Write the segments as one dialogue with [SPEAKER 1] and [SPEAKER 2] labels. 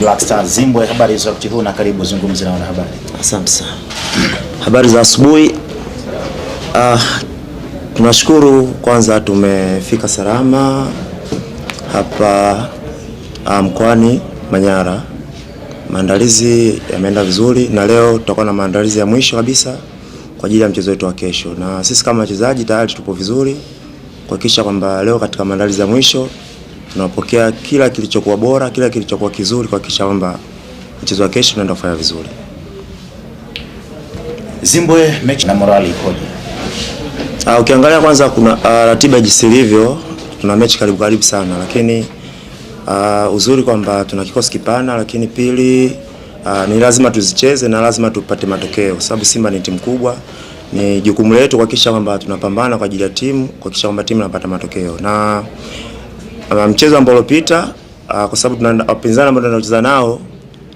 [SPEAKER 1] Black Star Zimbwe, habari za wakati huu na karibu zungumze na wanahabari.
[SPEAKER 2] Asante sana. Habari za asubuhi. Ah, tunashukuru kwanza tumefika salama hapa ah, mkoani Manyara. Maandalizi yameenda vizuri na leo tutakuwa na maandalizi ya mwisho kabisa kwa ajili ya mchezo wetu wa kesho, na sisi kama wachezaji tayari tupo vizuri kuhakikisha kwamba leo katika maandalizi ya mwisho tunapokea kila kilichokuwa bora, kila kilichokuwa kizuri kuhakikisha kwamba mchezo wa kesho unaenda kufanya vizuri.
[SPEAKER 1] Zimbwe mechi na morali ikoje?
[SPEAKER 2] Uh, ukiangalia kwanza kuna uh, ratiba jinsi ilivyo, tuna mechi karibu karibu sana, lakini uh, uzuri kwamba tuna kikosi kipana, lakini pili uh, ni lazima tuzicheze na lazima tupate matokeo, sababu Simba ni timu kubwa. Ni jukumu letu kuhakikisha kwamba tunapambana kwa ajili ya timu, kuhakikisha kwamba timu inapata matokeo na Uh, mchezo ambao uliopita, uh, kwa sababu tuna wapinzani ambao tunacheza nao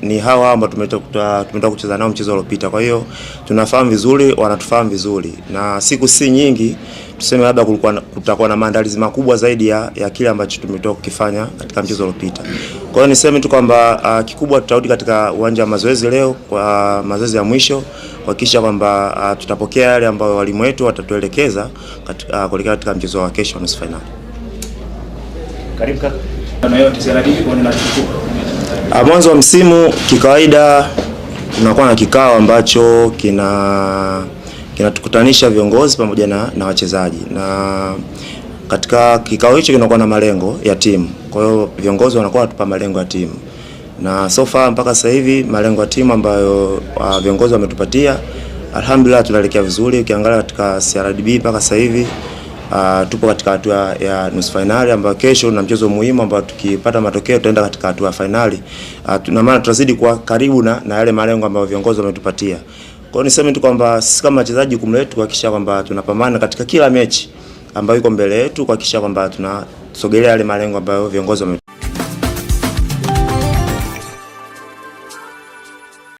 [SPEAKER 2] ni hawa hawa ambao tumetoka tumetoka kucheza nao mchezo uliopita. Kwa hiyo tunafahamu vizuri, wanatufahamu vizuri, na siku si nyingi tuseme, labda kulikuwa kutakuwa na maandalizi makubwa zaidi ya, ya kile ambacho tumetoka kukifanya katika mchezo uliopita. Kwa hiyo niseme tu kwamba uh, kikubwa tutarudi katika uwanja wa mazoezi leo kwa mazoezi ya mwisho kuhakikisha kwamba uh, tutapokea yale ambayo walimu wetu watatuelekeza katika uh, kuelekea katika mchezo wa kesho nusu finali. Karibu kaka. Ah, mwanzo wa msimu kikawaida tunakuwa na kikao ambacho kina kinatukutanisha viongozi pamoja na, na wachezaji na katika kikao hicho kinakuwa na malengo ya timu. Kwa hiyo viongozi wanakuwa wanatupa malengo ya timu na so far mpaka sasa hivi malengo ya timu ambayo wa ah, viongozi wametupatia alhamdulillah, tunaelekea vizuri. Ukiangalia katika CRDB mpaka sasa hivi Uh, tupo katika hatua ya nusu fainali ambayo kesho na mchezo muhimu ambao tukipata matokeo tutaenda katika hatua ya fainali. Uh, ah, tuna maana tutazidi kuwa karibu na, na yale malengo ambayo viongozi wametupatia. Kwa hiyo niseme tu kwamba sisi kama wachezaji jukumu letu kuhakikisha kwamba tunapambana katika kila mechi ambayo iko mbele yetu kuhakikisha kwamba tunasogelea yale malengo ambayo viongozi wame